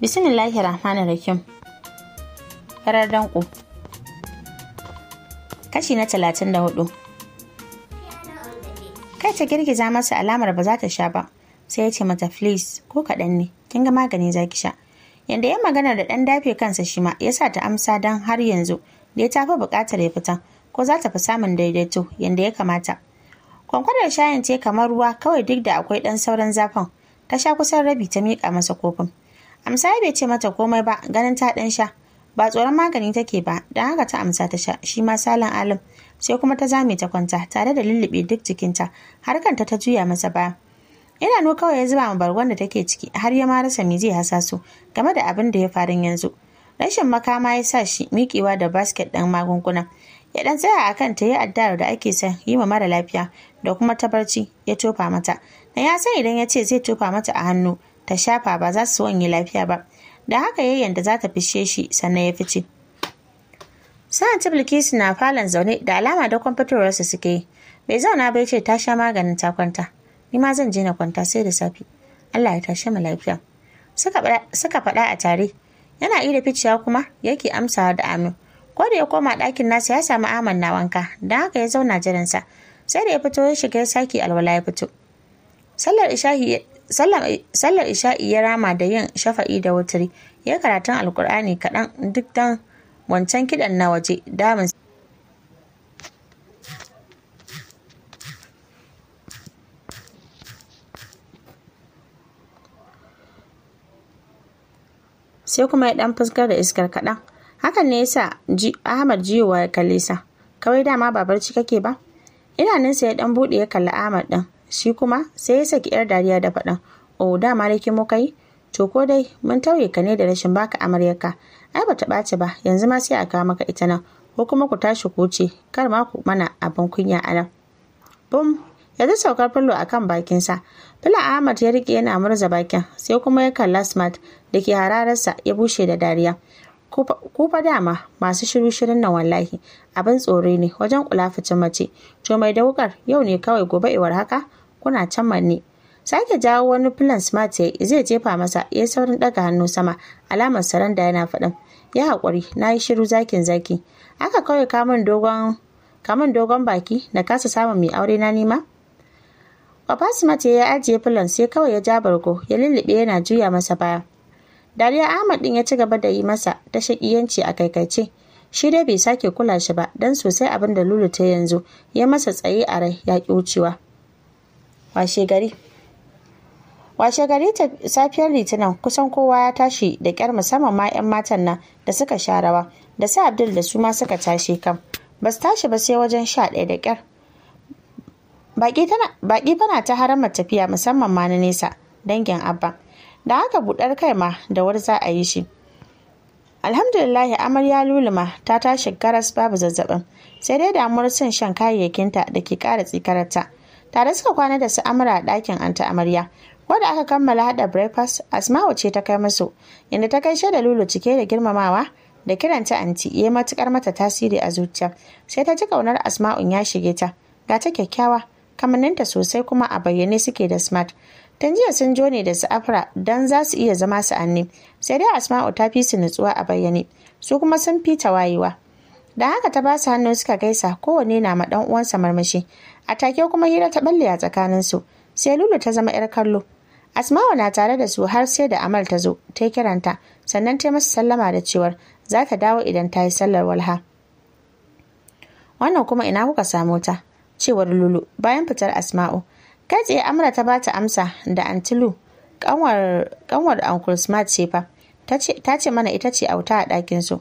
bismillahi rahmanir rahim farar danko kashi na talatin da hudu kai ta girgiza masa alamar ba za ta sha ba sai ya ce mata please ko kaɗan ne kin ga magani za ki sha Yadda ya magana da ɗan dafe kansa shi ma ya sa ta amsa don har yanzu da ya tafi buƙatar ya fita ko za ta fi samun daidaito yadda ya kamata kwankwadar shayin ce kamar ruwa kawai duk da akwai ɗan sauran zafin ta sha kusan rabi ta miƙa masa kofin amsa bai ce mata komai ba ganin ta ɗan sha ba tsoron magani take ba don haka ta amsa ta sha shi ma salin alim sai kuma ta zame ta kwanta tare da lullube duk jikinta har kanta ta juya masa baya no kawai ya zuba ma bargon da take ciki har ya ma rasa me zai hasa su game da abin da ya faru yanzu rashin makama ya sa shi miƙewa da basket ɗin magunguna ya ɗan tsaya a kan ta yi addu'ar da ake son yi ma mara lafiya da kuma ta barci ya tofa mata na ya san idan ya ce zai tofa mata a hannu ta shafa ba za su so lafiya ba da haka yayyan da za ta fishe shi sannan ya fice sa'an ta bilkisu na falon zaune da alama da su suke yi bai zauna bai ce ta sha maganin ta kwanta ni ma zan je na kwanta sai da safe allah ya tashe mu lafiya suka faɗa a tare yana ida ficiya kuma yake amsawa da amin ko da ya koma ɗakin nasa ya samu aman na wanka don haka ya zauna jiransa sai da ya fito ya shiga ya sake alwala ya fito sallar ishahi sallar isha'i ya rama da yin shafa'i da wutiri ya karatun alkur'ani kaɗan duk dan wancan kiɗan na waje damin sai kuma ya ɗan fuskar da iskar kaɗan hakan ne yasa ahmad jiyowa ya kalle sa kawai dama ba barci kake ba sai ya ɗan buɗe ya kalli ahmad ɗin shi kuma sai ya saki yar dariya da faɗan o oh, dama da mu kai to ko dai mun tauye ka ne da rashin baka amaryarka ai bata ɓaci ba yanzu ma sai a kawo maka ita nan ko kuma ku tashi ku ce kar ma ku mana abin kunya a nan bum yanzu saukar fillo a kan bakinsa fila ahmad ya rike yana murza bakin sai kuma ya kalla smart da ke hararsa ya bushe da dariya ku fa dama masu shiru shirin nan wallahi abin tsoro ne wajen kula mace to mai daukar yau ne kawai gobe iwar haka kuna can manne sake jawo wani filan smart ya zai jefa masa ya saurin daga hannu sama alamar saranda yana faɗin ya haƙuri na yi shiru zakin zaki aka kawai kamun dogon dogon baki na kasa samun mai aure na nima Papa Smart ya ajiye filan sai kawai ya ja bargo ya lullube yana juya masa baya Dariya Ahmad din ya ci gaba da yi masa ta shaƙiyanci a kaikaice shi dai bai sake kula shi ba dan sosai abin da Lulu ta yanzu ya masa tsaye a rai ya ƙi wucewa washe gari ta safiyar litinin kusan kowa ya tashi da kyar musamman ma 'yan matan nan da suka sha rawa da sai abdul da su ma suka tashi kam ba su tashi ba sai wajen sha ɗaya da kyar baƙi bana ta haramar tafiya musamman ma na nesa dangin abba da haka buɗar kai ma da wuri za a yi shi Alhamdulillah, amarya luluma ta tashi karas babu zazzabin sai dai damuwar sun shan kayayyakinta da ke ƙara tsikararta tare suka kwana da su amara a ɗakin anta amarya wadda aka kammala haɗa breakfast asma'u ce ta kai musu inda ta gaishe da lulu cike da girmamawa da kiranta anti ya matukar mata tasiri a zuciya sai ta ji kaunar asma'un ya shige ta ga ta kyakkyawa kamanninta sosai kuma a bayyane suke da smart tun jiya sun jo ne da su afra don za su iya zama su anne sai dai asma'u ta fi su nutsuwa a bayyane su kuma sun fi ta wayewa da haka ta ba su hannu suka gaisa kowanne na ma ɗan uwansa marmashi a take kuma hira ta balle a su sai lulu ta zama 'yar kallo asma'u na tare da su har sai da amal ta zo ta kiranta sannan ta masa sallama da cewar za ta dawo idan ta yi sallar walha wannan kuma ina kuka samo ta cewar lulu bayan fitar asma'u kai tsaye amra ta bata amsa da antilu kanwar kanwar uncle smart ce fa ta ce mana ita ce auta a ɗakin su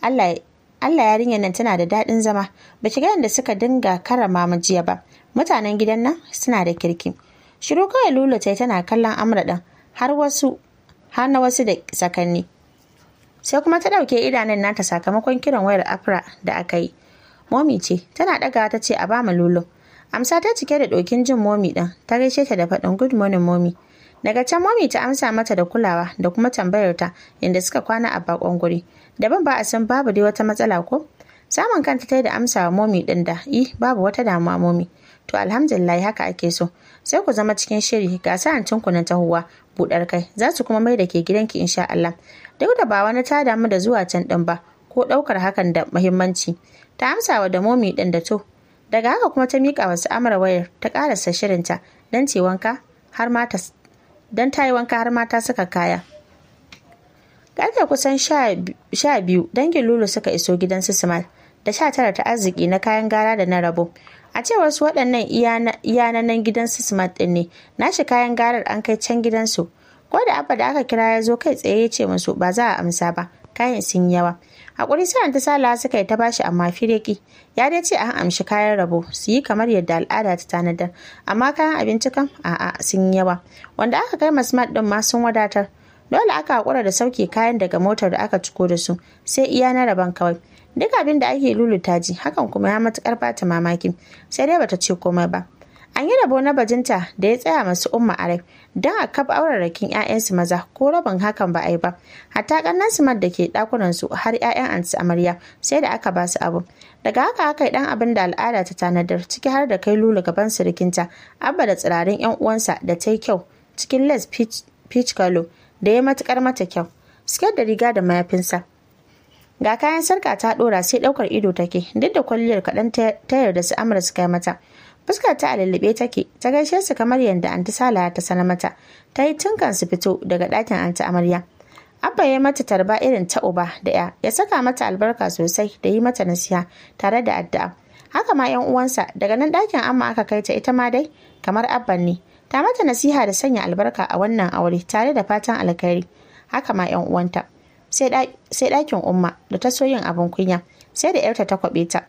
allah Allah yarinyar nan tana da daɗin zama ba shiga da suka dinga karama mu jiya ba mutanen gidan nan suna da kirki shiru kawai lulu ta tana kallon amra ɗin har wasu har na wasu da sakanni sai kuma ta ɗauke idanun nata sakamakon kiran wayar afra da aka yi momi ce tana ɗaga ta ce a ba mu lulu amsa ta cike da ɗokin jin momi ɗin ta gaishe ta da faɗin good morning momi Daga can mami ta amsa mata da kulawa da kuma tambayar ta inda suka kwana a bakon guri. Daban ba a san babu dai wata matsala ko? Samun kanta ta da amsa wa momi ɗin da, "I, eh, babu wata damuwa momi." To alhamdulillah haka ake so. Sai ku zama cikin shiri ga sa'ancin ku na tahuwa, buɗar kai, za su kuma mai da ke gidanki insha Allah. Duk da ba wani ta damu da zuwa can ɗin ba, ko ɗaukar hakan da muhimmanci. Ta amsa wa da momi ɗin da to. Daga haka kuma ta mika wasu Amara wayar ta karasa shirinta don ce wanka har ma ta don ta yi wanka har mata suka kaya ƙarfe kusan sha biyu dangin lulu suka iso gidan su simal da sha tara ta arziki na kayan gara da na rabo a cewar su waɗannan iyananan gidan su smart ɗin ne nashi kayan garar an kai can gidansu ko da abba da aka kira ya zo kai tsaye ya ce musu ba za a amsa ba kayan sun yawa hakuri sa'an ta sala suka yi ta bashi amma fireki ya dai ce an amshi kayan rabo su yi kamar yadda al'ada ta tanadar amma kayan abinci kan a'a sun yawa wanda aka kai masmat ɗin ma sun wadatar dole aka hakura da sauke kayan daga motar da aka ciko da su sai iya na rabon kawai duk abin da ake lulutaji ji hakan kuma ya matukar bata mamaki sai dai bata ce komai ba An yi rabo na bajinta da ya tsaya masu umma arai don a auren aurarrakin 'ya'yansu maza ko rabin hakan ba a yi ba. Hatta ƙannansu mad da ke ɗakunansu har 'ya'yan anti amarya sai da aka ba su abu. Daga haka aka yi dan abin da al'ada ta tanadar ciki har da kai lulu gaban sirikinta abba da tsirarin 'yan uwansa da ta yi kyau cikin les peach kalo da ya matukar mata kyau. Siket da riga da mayafinsa. Ga kayan sarka ta ɗora sai ɗaukar ido take duk da kwalliyar kaɗan ta yarda su amurka kai mata. fuskar ta a lullube take ta gaishe su kamar yadda anti sala ta sanar mata ta yi tunkan su fito daga ɗakin anti amarya abba ya mata tarba irin ta uba da ya ya saka mata albarka sosai da yi mata nasiha tare da addu'a haka ma yan uwansa daga nan ɗakin amma aka kai ta ita ma dai kamar abban ne ta mata nasiha da sanya albarka a wannan aure tare da fatan alkhairi haka ma yan uwanta sai ɗakin umma da ta so yin abin kunya sai da yarta ta kwaɓe ta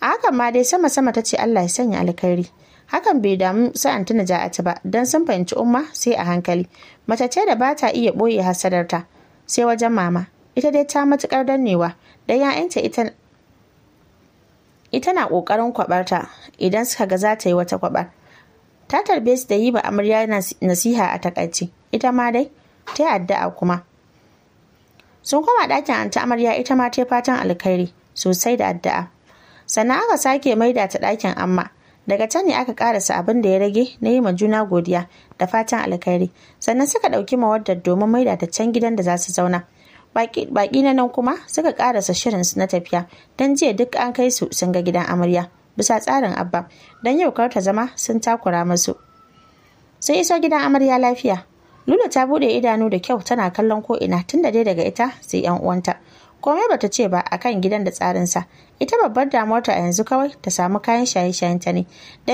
a hakan ma dai sama sama ta ce Allah ya sanya alkhairi hakan bai damu an tuna ja'atu ba don sun fahimci umma sai a hankali mace ce da ba ta iya ɓoye hasadarta sai wajen mama ita dai ta matukar dannewa da ya'yanta ita ita na kokarin kwabarta idan suka ga za ta yi wata kwabar ta tarbe su da yi ba amarya nasiha a takaice ita ma dai ta yi addu'a kuma sun koma ɗakin anta amarya ita ma ta fatan alkhairi sosai da addu'a sannan aka sake maida ta ɗakin amma daga can ne aka karasa abin da ya rage na yi ma juna godiya da fatan alkhairi sannan suka ɗauki mawaddar domin maida ta can gidan da za su zauna baƙi na nan kuma suka karasa shirin na tafiya don jiya duk an kai su sun ga gidan amarya bisa tsarin abba don yau kar ta zama sun takura masu sun iso gidan amarya lafiya lula ta buɗe idanu da kyau tana kallon ko ina tun da dai daga ita sai yan uwanta komai bata ce ba akan gidan da tsarinsa ita babbar damuwarta a yanzu kawai ta samu kayan shaye-shayen ta ne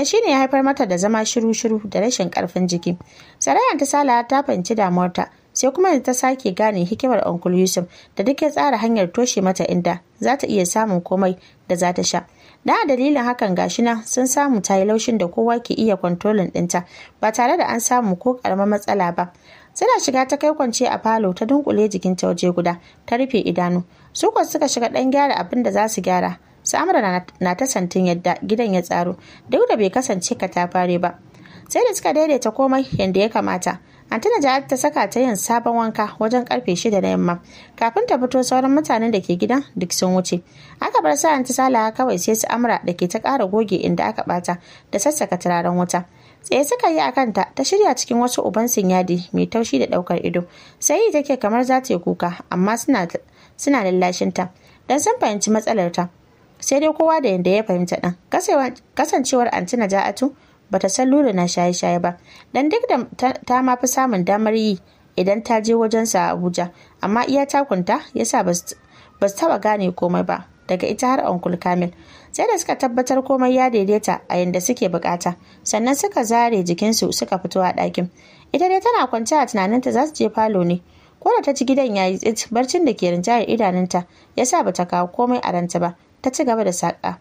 shi ne ya haifar mata da zama shiru-shiru da rashin karfin jiki sarayan ta sala ta fahimci damuwarta sai kuma ta sake gane hikimar Uncle Yusuf da duk ya tsara hanyar toshe mata inda za ta iya samun komai da za ta sha. Da dalilin hakan gashi na sun samu ta yi laushin da kowa ke iya kwantolin ɗinta ba tare da an samu ko karamar matsala ba. suna shiga ta kai kwance a falo ta dunkule jikin ta waje guda ta rufe idanu su suka shiga dan gyara abin da za su gyara su amara na ta santin yadda gidan ya tsaro duk da bai kasance ka katafare ba sai da suka daidaita komai yadda ya kamata Antina Jihar ta saka ta yin sabon wanka wajen karfe shida na yamma. Kafin ta fito sauran mutanen da ke gidan duk sun wuce. Aka bar sa Anti Salaha kawai sai su Amra da ke ta kara goge inda aka bata da sassaka turaren wuta. tsaye suka yi a kanta ta shirya cikin wasu uban sinyadi mai taushi da daukar ido sai yi take kamar za ta yi kuka amma suna lallashin ta dan sun fahimci matsalar ta sai dai kowa da yadda ya fahimta ɗan kasancewar antina ja'atu ba ta san lura na shaye-shaye ba dan duk da ta ma fi samun damar yi idan ta je wajensa a abuja amma iya takunta yasa ba su taba gane komai ba daga ita har Uncle Kamil. Sai da suka tabbatar komai ya daidaita a yadda suke bukata, sannan suka zare jikinsu suka fito a ɗakin. Ita dai tana kwance a tunaninta za su je falo ne. Ko da ta ci gidan ya yi tsit barcin da ke rinjayar idanunta ya sa bata kawo komai a ranta ba, ta ci gaba da saƙa.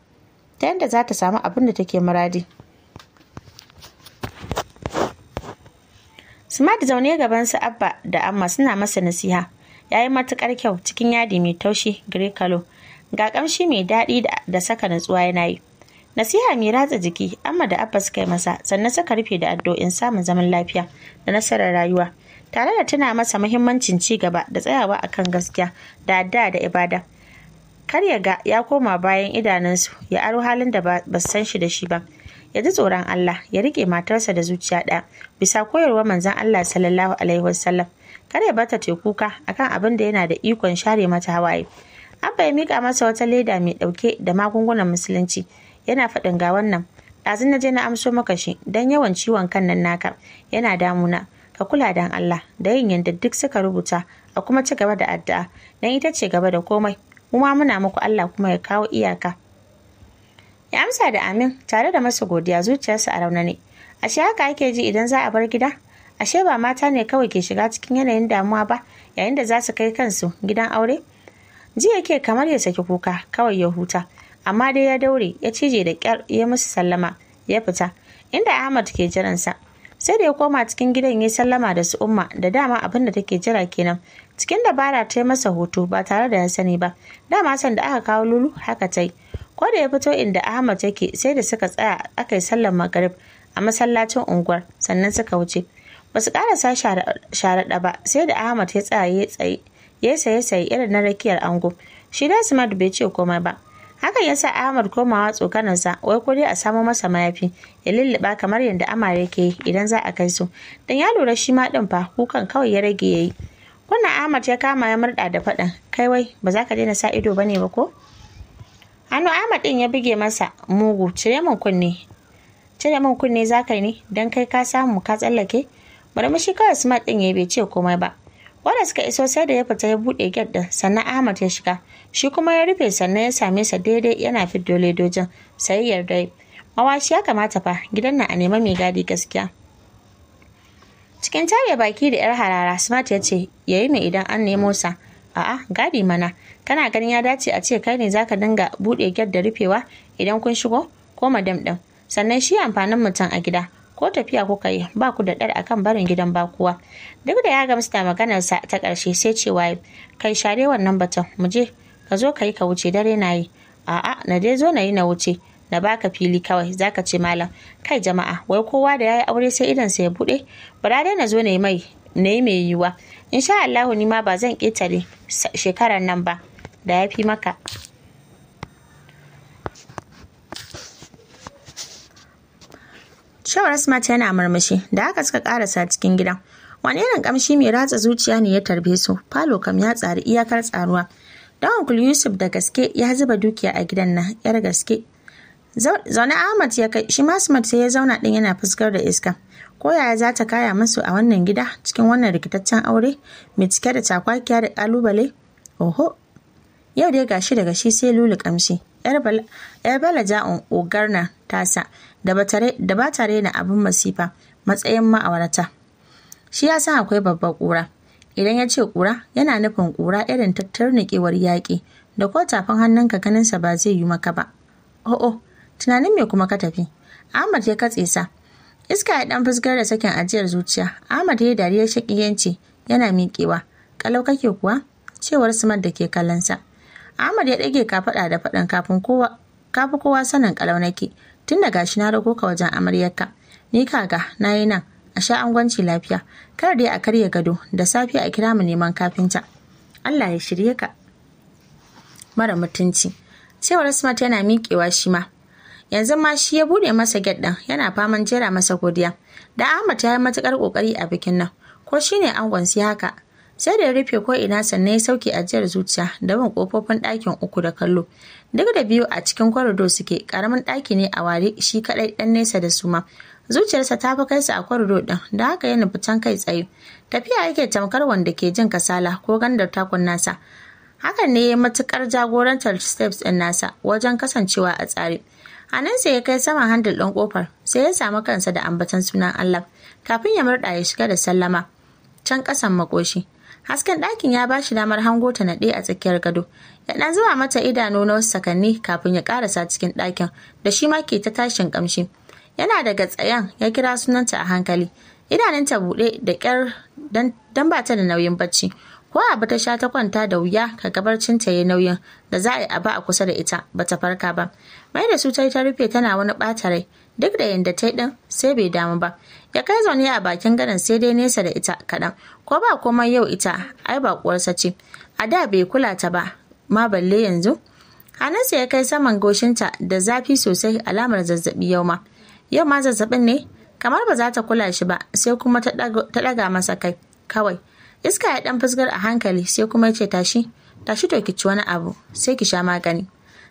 Ta yadda za ta samu abin da take muradi. Smart zaune gaban su Abba da Amma suna masa nasiha. Ya yi matuƙar kyau cikin yadi mai taushi grey color. ga ƙamshi mai daɗi da saka natsuwa yana yi nasiha mai ratsa jiki amma da abba suka yi masa sannan suka rufe da addu'o'in samun zaman lafiya da nasarar rayuwa tare da tana masa muhimmancin ci gaba da tsayawa akan gaskiya da adda da ibada kar ya ga ya koma bayan idanunsu ya aro halin da ba su san shi da shi ba ya ji tsoron Allah ya rike matarsa da zuciya ɗaya bisa koyarwa manzon Allah sallallahu alaihi wasallam kar ya bata teku kuka akan abin da yana da ikon share mata hawaye abba ya mika masa wata leda mai ɗauke da magungunan musulunci yana faɗin ga wannan ɗazun na je na amso maka shi don yawan ciwon kan nan naka yana damuna ka kula dan Allah da yin yadda duk suka rubuta a kuma ci gaba da addu'a dan ita ce gaba da komai mu ma muna muku Allah kuma ya kawo iyaka ya amsa da amin tare da masa godiya zuciyarsa a rauna raunane ashe haka ake ji idan za a bar gida ashe ba mata ne kawai ke shiga cikin yanayin damuwa ba yayin da za su kai kansu gidan aure jiya yake kamar ya saki kuka kawai ya huta amma dai ya daure ya cije da kyar ya musu sallama ya fita inda ahmad ke jiransa sai da ya koma cikin gidan ya sallama da su umma da dama abin da take jira kenan cikin dabara ta yi masa hoto ba tare da ya sani ba dama san da aka kawo lulu haka ta yi ko da ya fito inda ahmad yake sai da suka tsaya aka yi sallar magarib a masallacin unguwar sannan suka wuce ba su ƙara sa sharaɗa ba sai da ahmad ya tsaya ya tsaye ya saye saye irin na rakiyar ango shi da smart bai ce komai ba hakan sa ahmad komawa tsokaninsa. wai ko dai a samo masa mayafi ya lulluɓa kamar yadda amare ke idan za a kai su dan ya lura shi ma din fa kukan kawai ya rage yayi Wannan ahmad ya kama ya murda da faɗan kai wai ba za ka daina sa ido bane ba ko hannu ahmad din ya buge masa mugu cire min kunne cire min kunne za ne dan kai ka samu ka tsallake shi kawai smart din ya bai ce komai ba wanda suka iso sai da ya fita ya buɗe gate ɗin sannan ahmad ya shiga shi kuma ya rufe sannan ya same sa daidai yana fiddo ledojin sai yarda mawashi ya kamata fa gidan nan a nema mai gadi gaskiya cikin tare baki da yar harara smart ya ce yayi ne idan an nemo sa a'a gadi mana kana ganin ya dace a ce kai ne zaka dinga buɗe gate da rufewa idan kun shigo ko madam ɗin sannan shi amfanin mutum a gida ko tafiya kuka yi ba ku da ɗar akan barin gidan bakuwa duk da ya gamsu maganar maganarsa ta ƙarshe sai cewa kai share wannan batun mu je ka zo ka yi ka wuce dare na yi a'a na dai zo na yi na wuce na baka fili kawai zaka ce malam kai jama'a wai kowa da yayi aure sai idan sa ya bude bara dai na zo ne mai ne mai yiwa insha Allah ni ma ba zan ketare shekarar nan ba da yafi maka Shawar Asmat yana murmushi da haka suka karasa cikin gidan. Wani irin kamshi mai ratsa zuciya ne ya tarbe su, falo kam ya tsari iyakar tsaruwa. Dawankul Yusuf da gaske ya zuba dukiya a gidan nan, yar gaske. Zaune Ahmad ya kai, shi ma sai ya zauna din yana fuskar da iska. Ko yaya za ta kaya musu a wannan gida cikin wannan rikitaccen aure mai cike da cakwakiya da ƙalubale? Oho, yau dai gashi daga shi sai lulu kamshi. Yar Bala Ja'un Ogarna tasa da ba tare da abin masifa matsayin ma'aurata shi ya san akwai babbar ƙura idan ya ce ƙura yana nufin ƙura irin tattarnikewar yaƙi da ko tafin hannunka ganinsa ba zai yi maka ba o'o tunanin me kuma ka tafi ahmad ya katse sa iska ya dan fuskar da sakin ajiyar zuciya ahmad ya dariyar shakiyanci yana miƙewa kalau kake kuwa cewar sumar da ke kallonsa ahmad ya ɗage kafaɗa da faɗin kafin kowa kafi kowa sanin kalau tun da gashi na rago ka wajen amaryarka ni kaga na yi nan a sha angwanci lafiya kar dai a karya gado da safiya a kira mu neman kafinta Allah ya shirye ka mara mutunci cewar asma yana miƙewa shi ma yanzu ma shi ya bude masa get din yana faman jera masa godiya da Ahmad ya yi matukar kokari a bikin nan ko shine angon sai haka sai da ya rufe ko ina sannan ya sauke ajiyar zuciya da bin kofofin ɗakin uku da kallo duk da biyu a cikin kwarido suke karamin ɗaki ne a ware shi kaɗai ɗan nesa da suma zuciyarsa ta fi kaisa a kwarido ɗin da haka ya nufi kai tsaye tafiya yake tamkar wanda ke jin kasala ko gandar takun nasa hakan ne ya matukar jagorantar steps ɗin nasa wajen kasancewa a tsare a nan sai ya kai saman handil ɗin kofar sai ya samu kansa da ambatan sunan allah kafin ya murɗa ya shiga da sallama can ƙasan makoshi hasken ɗakin ya ba shi damar hango ta naɗe a tsakiyar gado ya ɗan zuba mata idanu na wasu sakanni kafin ya ƙarasa cikin ɗakin da shi ma ke ta tashin kamshi. yana daga tsayen ya kira sunanta a hankali idanunta buɗe da ƙyar don ba ta da nauyin bacci ko ba ta sha ta kwanta da wuya ka ta ya nauyin da za a yi a ba a kusa da ita ba ta farka ba mai da su ta rufe tana wani ɓata rai duk da yadda ta ɗan, sai bai damu ba ya kai zaune a bakin gadon sai dai nesa da ita kaɗan ko ba komai yau ita ai baƙuwarsa ce a da bai kula ta ba ma balle yanzu hannunsa ya kai saman goshinta da zafi sosai alamar zazzabi yau ma yau ma zazzabin ne kamar ba za ta kula shi ba sai kuma ta ɗaga masa kai kawai iska ya ɗan fusgar a hankali sai kuma ya ce tashi tashi to ki ci wani abu sai ki sha magani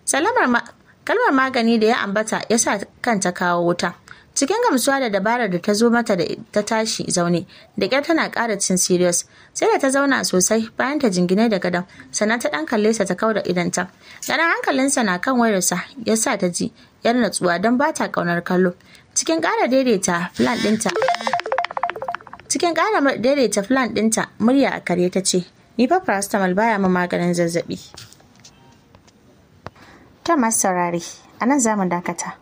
salamar kalmar magani da ya ambata ya sa kanta kawo wuta cikin gamsuwa da dabarar da ta zo mata da ta tashi zaune da ƙyar tana ƙara cin serious sai da ta zauna sosai bayan ta jingine da gadon sannan ta ɗan kalle sa ta da idanta ganin hankalinsa na kan wayarsa ya sa ta ji yar natsuwa don ba ta ƙaunar kallo cikin ƙara daidaita plan ɗinta cikin ƙara daidaita plan ɗinta murya a kare ta ce ni fa paracetamol baya ma maganin zazzaɓi ta masu saurari, a nan za mu dakata